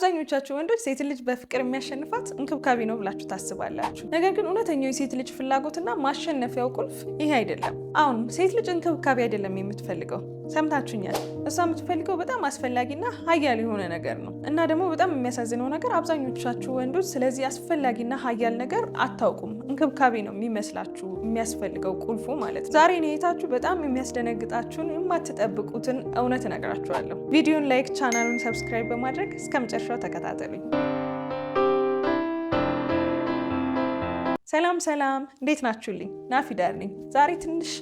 አብዛኞቻችሁ ወንዶች ሴት ልጅ በፍቅር የሚያሸንፋት እንክብካቤ ነው ብላችሁ ታስባላችሁ። ነገር ግን እውነተኛው የሴት ልጅ ፍላጎትና ማሸነፊያው ቁልፍ ይሄ አይደለም። አሁን ሴት ልጅ እንክብካቤ አይደለም የምትፈልገው ሰምታችሁኛል። እሷ የምትፈልገው በጣም አስፈላጊና ሀያል የሆነ ነገር ነው እና ደግሞ በጣም የሚያሳዝነው ነገር አብዛኞቻችሁ ወንዶች ስለዚህ አስፈላጊና ሀያል ነገር አታውቁም። እንክብካቤ ነው የሚመስላችሁ የሚያስፈልገው ቁልፉ ማለት ነው። ዛሬ እህታችሁ በጣም የሚያስደነግጣችሁን የማትጠብቁትን እውነት እነግራችኋለሁ። ቪዲዮን ላይክ፣ ቻናሉን ሰብስክራይብ በማድረግ እስከ መጨረሻው ተከታተሉኝ። ሰላም ሰላም፣ እንዴት ናችሁልኝ? ናፊዳር ነኝ። ዛሬ ትንሽ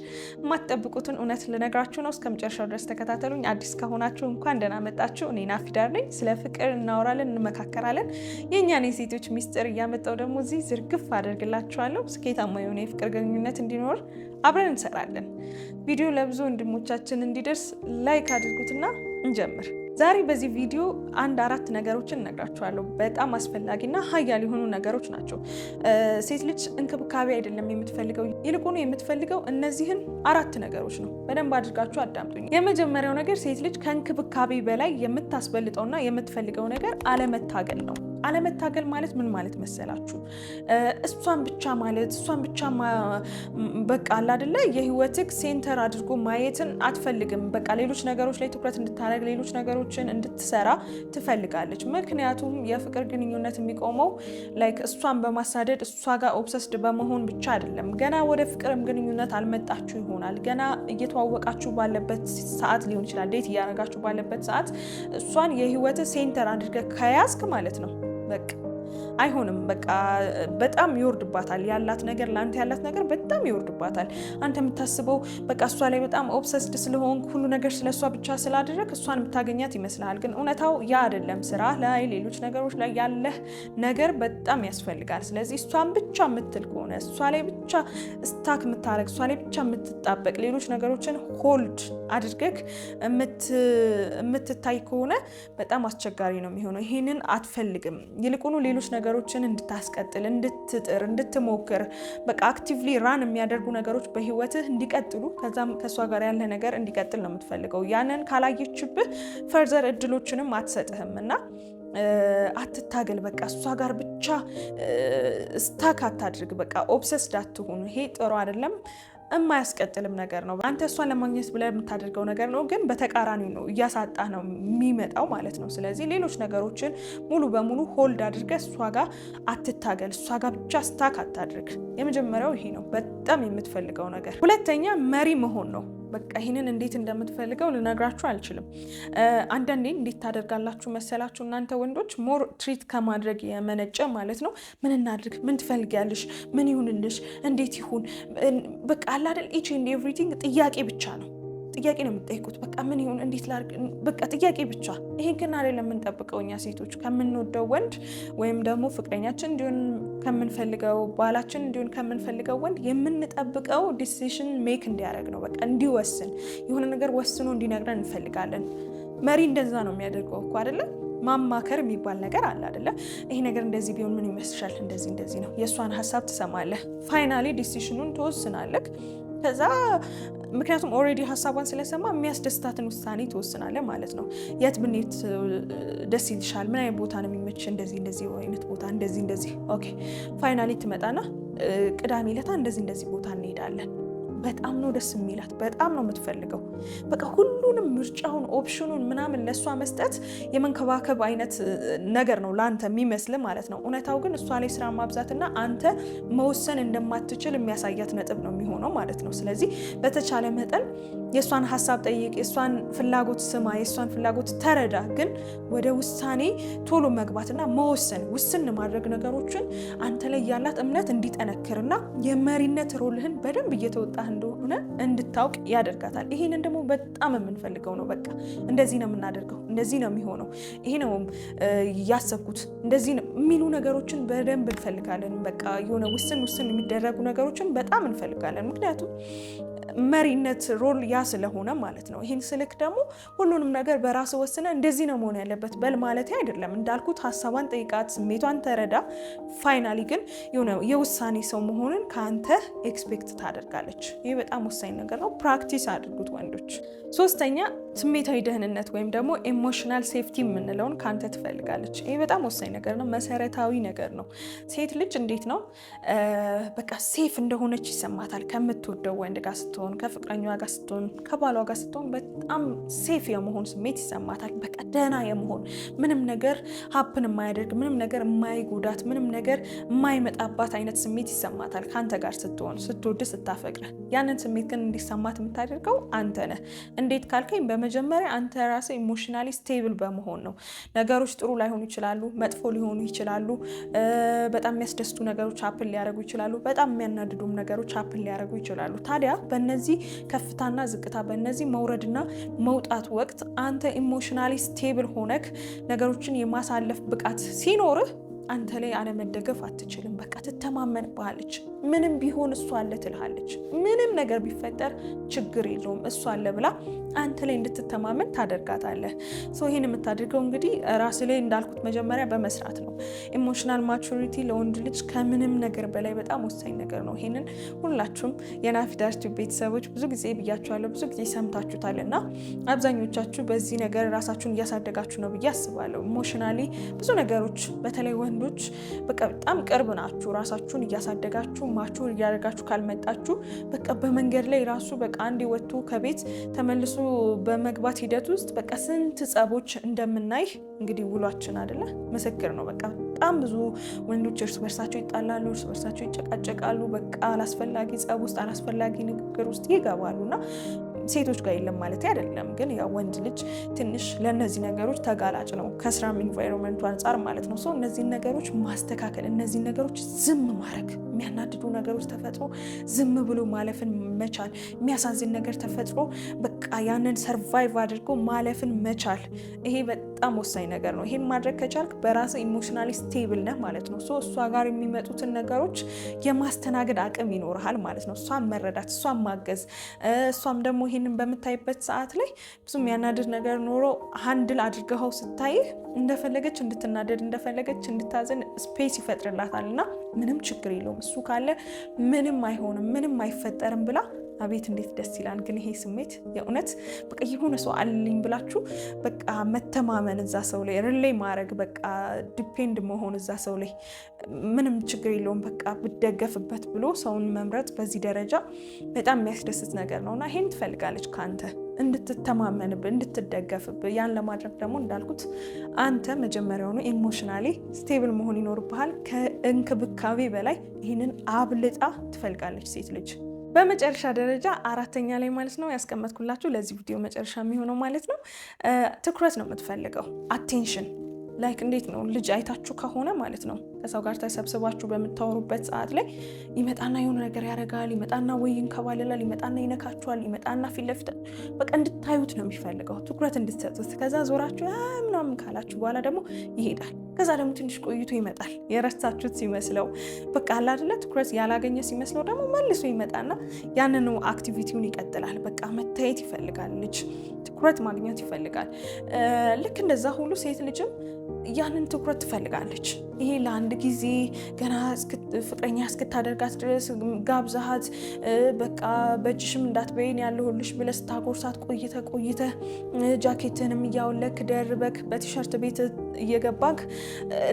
የማትጠብቁትን እውነት ልነግራችሁ ነው። እስከ መጨረሻው ድረስ ተከታተሉኝ። አዲስ ከሆናችሁ እንኳን ደህና መጣችሁ። እኔ ናፊዳር ነኝ። ስለ ፍቅር እናወራለን፣ እንመካከራለን። የእኛን የሴቶች ሚስጥር እያመጣው ደግሞ እዚህ ዝርግፍ አደርግላችኋለሁ። ስኬታማ የሆነ የፍቅር ግንኙነት እንዲኖር አብረን እንሰራለን። ቪዲዮ ለብዙ ወንድሞቻችን እንዲደርስ ላይክ አድርጉትና እንጀምር። ዛሬ በዚህ ቪዲዮ አንድ አራት ነገሮችን እነግራችኋለሁ። በጣም አስፈላጊና ሀያል የሆኑ ነገሮች ናቸው። ሴት ልጅ እንክብካቤ አይደለም የምትፈልገው፣ ይልቁኑ የምትፈልገው እነዚህን አራት ነገሮች ነው። በደንብ አድርጋችሁ አዳምጡኝ። የመጀመሪያው ነገር ሴት ልጅ ከእንክብካቤ በላይ የምታስበልጠውና የምትፈልገው ነገር አለመታገል ነው። አለመታገል ማለት ምን ማለት መሰላችሁ? እሷን ብቻ ማለት እሷን ብቻ በቃ አለ አይደለ የህይወትክ ሴንተር አድርጎ ማየትን አትፈልግም። በቃ ሌሎች ነገሮች ላይ ትኩረት እንድታደርግ፣ ሌሎች ነገሮችን እንድትሰራ ትፈልጋለች። ምክንያቱም የፍቅር ግንኙነት የሚቆመው ላይክ እሷን በማሳደድ እሷ ጋር ኦብሰስድ በመሆን ብቻ አይደለም። ገና ወደ ፍቅርም ግንኙነት አልመጣችሁ ይሆናል። ገና እየተዋወቃችሁ ባለበት ሰዓት ሊሆን ይችላል፣ ዴት እያደረጋችሁ ባለበት ሰዓት እሷን የህይወት ሴንተር አድርገ ከያዝክ ማለት ነው በቃ አይሆንም። በቃ በጣም ይወርድባታል። ያላት ነገር ለአንተ ያላት ነገር በጣም ይወርድባታል። አንተ የምታስበው በቃ እሷ ላይ በጣም ኦብሰስድ ስለሆን ሁሉ ነገር ስለ ብቻ ስላደረግ እሷን የምታገኛት ይመስልሃል። ግን እውነታው ያ አይደለም። ስራ ላይ፣ ሌሎች ነገሮች ላይ ያለህ ነገር በጣም ያስፈልጋል። ስለዚህ እሷን ብቻ የምትል ከሆነ እሷ ላይ ብቻ ስታክ የምታረግ እሷ ላይ ብቻ የምትጣበቅ ሌሎች ነገሮችን ሆልድ አድርገህ የምትታይ ከሆነ በጣም አስቸጋሪ ነው የሚሆነው። ይህንን አትፈልግም። ይልቁኑ ሌሎች ነገሮችን እንድታስቀጥል፣ እንድትጥር፣ እንድትሞክር በቃ አክቲቭሊ ራን የሚያደርጉ ነገሮች በህይወትህ እንዲቀጥሉ ከዛም ከእሷ ጋር ያለ ነገር እንዲቀጥል ነው የምትፈልገው። ያንን ካላየችብህ ፈርዘር እድሎችንም አትሰጥህም እና አትታገል በቃ እሷ ጋር ብቻ ስታክ አታድርግ በቃ ኦብሰስድ አትሁኑ። ይሄ ጥሩ አይደለም፣ የማያስቀጥልም ነገር ነው። አንተ እሷን ለማግኘት ብለህ የምታደርገው ነገር ነው፣ ግን በተቃራኒ ነው እያሳጣ ነው የሚመጣው ማለት ነው። ስለዚህ ሌሎች ነገሮችን ሙሉ በሙሉ ሆልድ አድርገ እሷ ጋር አትታገል፣ እሷ ጋር ብቻ ስታክ አታድርግ። የመጀመሪያው ይሄ ነው፣ በጣም የምትፈልገው ነገር። ሁለተኛ መሪ መሆን ነው። በቃ ይህንን እንዴት እንደምትፈልገው ልነግራችሁ አልችልም። አንዳንዴ እንዴት ታደርጋላችሁ መሰላችሁ እናንተ ወንዶች ሞር ትሪት ከማድረግ የመነጨ ማለት ነው። ምን እናድርግ፣ ምን ትፈልጊያለሽ፣ ምን ይሁንልሽ፣ እንዴት ይሁን፣ በቃ አላደል ኢች ኤንድ ኤቭሪቲንግ ጥያቄ ብቻ ነው። ጥያቄ ነው የምጠይቁት። በቃ ምን ይሁን እንዴት ላድርግ፣ በቃ ጥያቄ ብቻ። ይሄን ግን አይደለም የምንጠብቀው እኛ ሴቶች ከምንወደው ወንድ ወይም ደግሞ ፍቅረኛችን እንዲሆን ከምንፈልገው ባላችን እንዲሆን ከምንፈልገው ወንድ የምንጠብቀው ዲሲሽን ሜክ እንዲያደርግ ነው። በቃ እንዲወስን የሆነ ነገር ወስኖ እንዲነግረን እንፈልጋለን። መሪ እንደዛ ነው የሚያደርገው እኮ አይደለም። ማማከር የሚባል ነገር አለ አይደለ? ይሄ ነገር እንደዚህ ቢሆን ምን ይመስልሻል? እንደዚህ እንደዚህ ነው። የእሷን ሀሳብ ትሰማለህ። ፋይናሊ ዲሲሽኑን ትወስናለህ። ከዛ ምክንያቱም ኦልሬዲ ሀሳቧን ስለሰማ የሚያስደስታትን ውሳኔ ትወስናለ ማለት ነው። የት ብኔት ደስ ይልሻል? ምን አይነት ቦታ ነው የሚመች? እንደዚህ እንደዚህ አይነት ቦታ እንደዚህ እንደዚህ። ኦኬ ፋይናሊ ትመጣና ቅዳሜ ለታ እንደዚህ እንደዚህ ቦታ እንሄዳለን በጣም ነው ደስ የሚላት፣ በጣም ነው የምትፈልገው። በቃ ሁሉንም ምርጫውን፣ ኦፕሽኑን ምናምን ለእሷ መስጠት የመንከባከብ አይነት ነገር ነው ለአንተ የሚመስል ማለት ነው። እውነታው ግን እሷ ላይ ስራ ማብዛትና አንተ መወሰን እንደማትችል የሚያሳያት ነጥብ ነው የሚሆነው ማለት ነው። ስለዚህ በተቻለ መጠን የእሷን ሀሳብ ጠይቅ፣ የእሷን ፍላጎት ስማ፣ የእሷን ፍላጎት ተረዳ። ግን ወደ ውሳኔ ቶሎ መግባትና መወሰን ውስን ማድረግ ነገሮችን አንተ ላይ ያላት እምነት እንዲጠነክርና የመሪነት ሮልህን በደንብ እየተወጣህ እንደሆነ እንድታውቅ ያደርጋታል። ይህንን ደግሞ በጣም የምንፈልገው ነው። በቃ እንደዚህ ነው የምናደርገው፣ እንደዚህ ነው የሚሆነው፣ ይሄ ነው ያሰብኩት፣ እንደዚህ ነው የሚሉ ነገሮችን በደንብ እንፈልጋለን። በቃ የሆነ ውስን ውስን የሚደረጉ ነገሮችን በጣም እንፈልጋለን። ምክንያቱም መሪነት ሮል ያ ስለሆነ ማለት ነው። ይህን ስልክ ደግሞ ሁሉንም ነገር በራስ ወስነ እንደዚህ ነው መሆን ያለበት በል ማለት አይደለም። እንዳልኩት ሀሳቧን ጠይቃት፣ ስሜቷን ተረዳ። ፋይናሊ ግን የውሳኔ ሰው መሆንን ከአንተ ኤክስፔክት ታደርጋለች። ይህ በጣም ወሳኝ ነገር ነው። ፕራክቲስ አድርጉት ወንዶች። ሶስተኛ ስሜታዊ ደህንነት ወይም ደግሞ ኢሞሽናል ሴፍቲ የምንለውን ከአንተ ትፈልጋለች። ይህ በጣም ወሳኝ ነገር ነው፣ መሰረታዊ ነገር ነው። ሴት ልጅ እንዴት ነው በቃ ሴፍ እንደሆነች ይሰማታል ከምትወደው ወንድ ጋር ስትሆን፣ ከፍቅረኛዋ ጋር ስትሆን፣ ከባሏ ጋር ስትሆን በጣም ሴፍ የመሆን ስሜት ይሰማታል። በቃ ደህና የመሆን ምንም ነገር ሀፕን የማያደርግ ምንም ነገር የማይጎዳት ምንም ነገር የማይመጣባት አይነት ስሜት ይሰማታል ከአንተ ጋር ስትሆን፣ ስትወድ፣ ስታፈቅረ። ያንን ስሜት ግን እንዲሰማት የምታደርገው አንተ ነህ። እንዴት ካልከኝ በመጀመሪያ አንተ ራስህ ኢሞሽናሊ ስቴብል በመሆን ነው። ነገሮች ጥሩ ላይሆኑ ይችላሉ፣ መጥፎ ሊሆኑ ይችላሉ። በጣም የሚያስደስቱ ነገሮች ሀፕን ሊያደርጉ ይችላሉ፣ በጣም የሚያናድዱም ነገሮች ሀፕን ሊያደርጉ ይችላሉ። ታዲያ በነ በእነዚህ ከፍታና ዝቅታ፣ በእነዚህ መውረድና መውጣት ወቅት አንተ ኢሞሽናሊ ስቴብል ሆነክ ነገሮችን የማሳለፍ ብቃት ሲኖርህ አንተ ላይ አለመደገፍ አትችልም። በቃ ትተማመንብሃለች። ምንም ቢሆን እሷ አለ ትልሃለች። ምንም ነገር ቢፈጠር ችግር የለውም እሷ አለ ብላ አንተ ላይ እንድትተማመን ታደርጋታለህ። ሰው ይህን የምታደርገው እንግዲህ ራስ ላይ እንዳልኩት መጀመሪያ በመስራት ነው። ኢሞሽናል ማቹሪቲ ለወንድ ልጅ ከምንም ነገር በላይ በጣም ወሳኝ ነገር ነው። ይህንን ሁላችሁም የናፊዳር ቲዩብ ቤተሰቦች ብዙ ጊዜ ብያችኋለሁ፣ ብዙ ጊዜ ሰምታችሁታል እና አብዛኞቻችሁ በዚህ ነገር ራሳችሁን እያሳደጋችሁ ነው ብዬ አስባለሁ። ኢሞሽናሊ ብዙ ነገሮች በተለይ ወንድ ወንዶች በቃ በጣም ቅርብ ናችሁ። ራሳችሁን እያሳደጋችሁ ማችሁን እያደረጋችሁ ካልመጣችሁ በቃ በመንገድ ላይ ራሱ በቃ አንድ ወጥቶ ከቤት ተመልሶ በመግባት ሂደት ውስጥ በቃ ስንት ጸቦች እንደምናይ እንግዲህ ውሏችን አደለ ምስክር ነው። በቃ በጣም ብዙ ወንዶች እርስ በርሳቸው ይጣላሉ፣ እርስ በርሳቸው ይጨቃጨቃሉ። በቃ አላስፈላጊ ጸብ ውስጥ አላስፈላጊ ንግግር ውስጥ ይገባሉ እና ሴቶች ጋር የለም ማለት አይደለም፣ ግን ያው ወንድ ልጅ ትንሽ ለእነዚህ ነገሮች ተጋላጭ ነው ከስራም ኢንቫይሮንመንቱ አንጻር ማለት ነው። ሰው እነዚህን ነገሮች ማስተካከል፣ እነዚህን ነገሮች ዝም ማድረግ፣ የሚያናድዱ ነገሮች ተፈጥሮ ዝም ብሎ ማለፍን መቻል፣ የሚያሳዝን ነገር ተፈጥሮ በቃ ያንን ሰርቫይቭ አድርጎ ማለፍን መቻል ይሄ በጣም ወሳኝ ነገር ነው። ይሄን ማድረግ ከቻልክ በራስ ኢሞሽናሊ ስቴብል ነህ ማለት ነው። እሷ ጋር የሚመጡትን ነገሮች የማስተናገድ አቅም ይኖርሃል ማለት ነው። እሷን መረዳት፣ እሷን ማገዝ፣ እሷም ደግሞ ይሄንን በምታይበት ሰዓት ላይ ብዙም ያናድድ ነገር ኖሮ ሀንድል አድርገኸው ስታይህ እንደፈለገች እንድትናደድ እንደፈለገች እንድታዘን ስፔስ ይፈጥርላታል እና ምንም ችግር የለውም እሱ ካለ ምንም አይሆንም ምንም አይፈጠርም ብላ አቤት እንዴት ደስ ይላል ግን ይሄ ስሜት የእውነት በቃ የሆነ ሰው አለኝ ብላችሁ በቃ መተማመን እዛ ሰው ላይ ርሌ ማድረግ በቃ ዲፔንድ መሆን እዛ ሰው ላይ ምንም ችግር የለውም በቃ ብደገፍበት ብሎ ሰውን መምረጥ በዚህ ደረጃ በጣም የሚያስደስት ነገር ነው እና ይሄን ትፈልጋለች ከአንተ እንድትተማመንብህ እንድትደገፍብህ። ያን ለማድረግ ደግሞ እንዳልኩት አንተ መጀመሪያውኑ ኢሞሽናሊ ስቴብል መሆን ይኖርብሃል። ከእንክብካቤ በላይ ይህንን አብልጣ ትፈልጋለች ሴት ልጅ። በመጨረሻ ደረጃ አራተኛ ላይ ማለት ነው ያስቀመጥኩላችሁ ለዚህ ቪዲዮ መጨረሻ የሚሆነው ማለት ነው ትኩረት ነው የምትፈልገው አቴንሽን ላይክ እንዴት ነው ልጅ አይታችሁ ከሆነ ማለት ነው ከሰው ጋር ተሰብስባችሁ በምታወሩበት ሰዓት ላይ ይመጣና የሆነ ነገር ያደርጋል። ይመጣና ወይ ይንከባልላል፣ ይመጣና ይነካችኋል፣ ይመጣና ፊት ለፊት በቃ እንድታዩት ነው የሚፈልገው፣ ትኩረት እንድትሰጡት። ከዛ ዞራችሁ ምናምን ካላችሁ በኋላ ደግሞ ይሄዳል። ከዛ ደግሞ ትንሽ ቆይቶ ይመጣል። የረሳችሁት ሲመስለው በቃ አላደለ ትኩረት ያላገኘ ሲመስለው ደግሞ መልሶ ይመጣና ያንን አክቲቪቲውን ይቀጥላል። በቃ መታየት ይፈልጋል ልጅ፣ ትኩረት ማግኘት ይፈልጋል። ልክ እንደዛ ሁሉ ሴት ልጅም ያንን ትኩረት ትፈልጋለች። ይሄ ለአንድ አንድ ጊዜ ገና ፍቅረኛ እስክታደርጋት ድረስ ጋብዛሃት በቃ በእጅሽም እንዳትበይን ያለሁልሽ ብለህ ስታጎርሳት ቆይተ ቆይተ ጃኬትንም እያወለክ ደርበክ በቲሸርት ቤት እየገባክ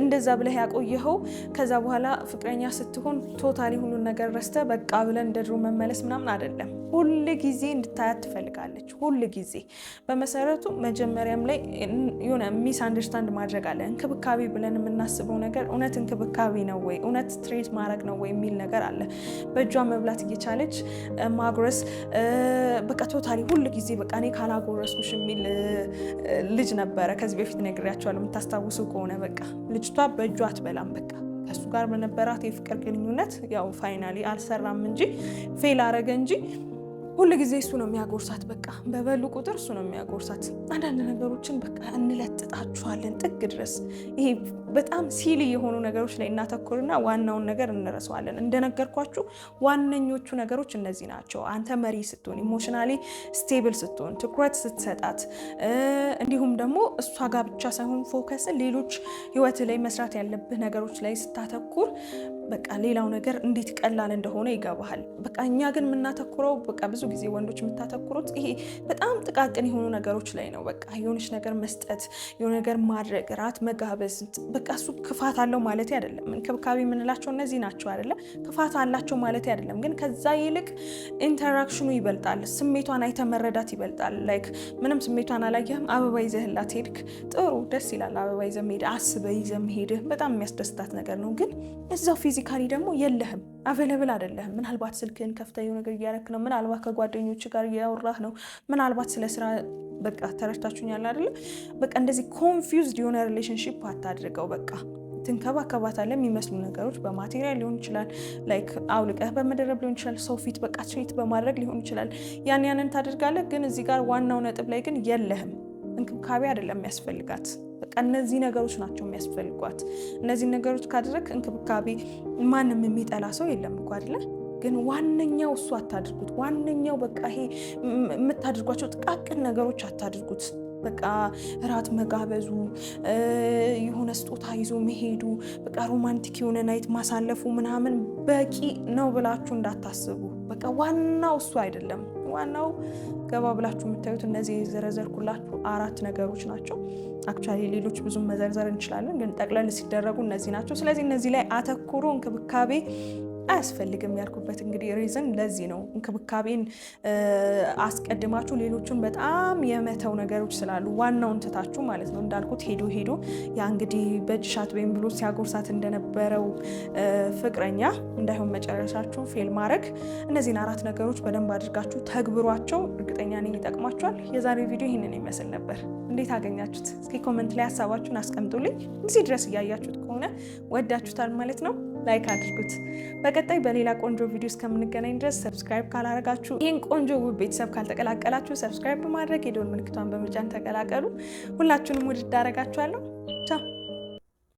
እንደዛ ብለህ ያቆየኸው ከዛ በኋላ ፍቅረኛ ስትሆን ቶታሊ ሁሉን ነገር ረስተ በቃ ብለን እንደድሮ መመለስ ምናምን አይደለም። ሁል ጊዜ እንድታያት ትፈልጋለች። ሁል ጊዜ በመሰረቱ መጀመሪያም ላይ የሆነ ሚስ አንደርስታንድ ማድረግ አለ። እንክብካቤ ብለን የምናስበው ነገር እውነት እንክብካቤ ነው ወይ እውነት ትሬት ማድረግ ነው ወይ የሚል ነገር አለ። በእጇ መብላት እየቻለች ማጉረስ፣ በቃ ቶታሊ ሁል ጊዜ በቃ እኔ ካላጎረስኩሽ የሚል ልጅ ነበረ። ከዚህ በፊት ነግሬያቸዋለሁ፣ የምታስታውሱ ከሆነ በቃ ልጅቷ በእጇ አትበላም በቃ ከእሱ ጋር በነበራት የፍቅር ግንኙነት ያው ፋይናሊ አልሰራም እንጂ ፌል አረገ እንጂ ሁል ጊዜ እሱ ነው የሚያጎርሳት። በቃ በበሉ ቁጥር እሱ ነው የሚያጎርሳት። አንዳንድ ነገሮችን በቃ እንለጥጣችኋለን ጥግ ድረስ። ይሄ በጣም ሲሊ የሆኑ ነገሮች ላይ እናተኩርና ዋናውን ነገር እንረሳዋለን። እንደነገርኳችሁ ዋነኞቹ ነገሮች እነዚህ ናቸው። አንተ መሪ ስትሆን፣ ኢሞሽናሊ ስቴብል ስትሆን፣ ትኩረት ስትሰጣት፣ እንዲሁም ደግሞ እሷ ጋር ብቻ ሳይሆን ፎከስን ሌሎች ህይወት ላይ መስራት ያለብህ ነገሮች ላይ ስታተኩር በቃ ሌላው ነገር እንዴት ቀላል እንደሆነ ይገባሃል። በቃ እኛ ግን የምናተኩረው በቃ ብዙ ጊዜ ወንዶች የምታተኩሩት ይሄ በጣም ጥቃቅን የሆኑ ነገሮች ላይ ነው። በቃ የሆነች ነገር መስጠት፣ የሆነ ነገር ማድረግ፣ ራት መጋበዝ። በቃ እሱ ክፋት አለው ማለት አይደለም። እንክብካቤ የምንላቸው እነዚህ ናቸው አይደለም፣ ክፋት አላቸው ማለት አይደለም። ግን ከዛ ይልቅ ኢንተራክሽኑ ይበልጣል። ስሜቷን አይተመረዳት ይበልጣል። ላይክ ምንም ስሜቷን አላየህም፣ አበባ ይዘህላት ሄድክ። ጥሩ ደስ ይላል። አበባ ይዘህ መሄድ፣ አስበህ ይዘህ መሄድህ በጣም የሚያስደስታት ነገር ነው። ግን እዛው ፊ ፊዚካሊ ደግሞ የለህም፣ አቬለብል አይደለህም። ምናልባት ስልክህን ከፍተህ ነገር እያረክ ነው። ምናልባት ከጓደኞች ጋር እያወራህ ነው። ምናልባት ስለ ስራ በቃ ያለ አይደለ? በቃ እንደዚህ ኮንፊውዝድ የሆነ ሪሌሽንሽፕ አታድርገው። በቃ ትንከባከባታለህ የሚመስሉ ነገሮች በማቴሪያል ሊሆን ይችላል፣ ላይክ አውልቀህ በመደረብ ሊሆን ይችላል፣ ሰው ፊት በቃ ትሬት በማድረግ ሊሆን ይችላል። ያን ያንን ታደርጋለህ፣ ግን እዚህ ጋር ዋናው ነጥብ ላይ ግን የለህም። እንክብካቤ አይደለም ያስፈልጋት በቃ እነዚህ ነገሮች ናቸው የሚያስፈልጓት። እነዚህ ነገሮች ካደረግ እንክብካቤ ማንም የሚጠላ ሰው የለም እኮ አይደለ? ግን ዋነኛው እሱ አታድርጉት። ዋነኛው በቃ ይሄ የምታደርጓቸው ጥቃቅን ነገሮች አታድርጉት። በቃ እራት መጋበዙ፣ የሆነ ስጦታ ይዞ መሄዱ፣ በቃ ሮማንቲክ የሆነ ናይት ማሳለፉ ምናምን በቂ ነው ብላችሁ እንዳታስቡ። በቃ ዋናው እሱ አይደለም። ዋናው ገባ ብላችሁ የምታዩት እነዚህ የዘረዘርኩላችሁ አራት ነገሮች ናቸው። አክቹዋሊ ሌሎች ብዙም መዘርዘር እንችላለን፣ ግን ጠቅለል ሲደረጉ እነዚህ ናቸው። ስለዚህ እነዚህ ላይ አተኩሩ። እንክብካቤ አያስፈልግም ያልኩበት እንግዲህ ሪዝን ለዚህ ነው። እንክብካቤን አስቀድማችሁ ሌሎችን በጣም የመተው ነገሮች ስላሉ ዋናውን ትታችሁ ማለት ነው። እንዳልኩት ሄዶ ሄዶ ያ እንግዲህ በእጅ ሻት ወይም ብሎ ሲያጎርሳት እንደነበረው ፍቅረኛ እንዳይሆን መጨረሻችሁ ፌል ማድረግ፣ እነዚህን አራት ነገሮች በደንብ አድርጋችሁ ተግብሯቸው እርግጠኛ ነኝ ይጠቅማችኋል። የዛሬው ቪዲዮ ይህንን ይመስል ነበር። እንዴት አገኛችሁት? እስኪ ኮመንት ላይ ሀሳባችሁን አስቀምጡልኝ። እዚህ ድረስ እያያችሁት ከሆነ ወዳችሁታል ማለት ነው። ላይክ አድርጉት። በቀጣይ በሌላ ቆንጆ ቪዲዮ እስከምንገናኝ ድረስ ሰብስክራይብ ካላደረጋችሁ ይህን ቆንጆ ውብ ቤተሰብ ካልተቀላቀላችሁ ሰብስክራይብ በማድረግ የደወል ምልክቷን በመጫን ተቀላቀሉ። ሁላችሁንም ውድድ አደረጋችኋለሁ። ቻው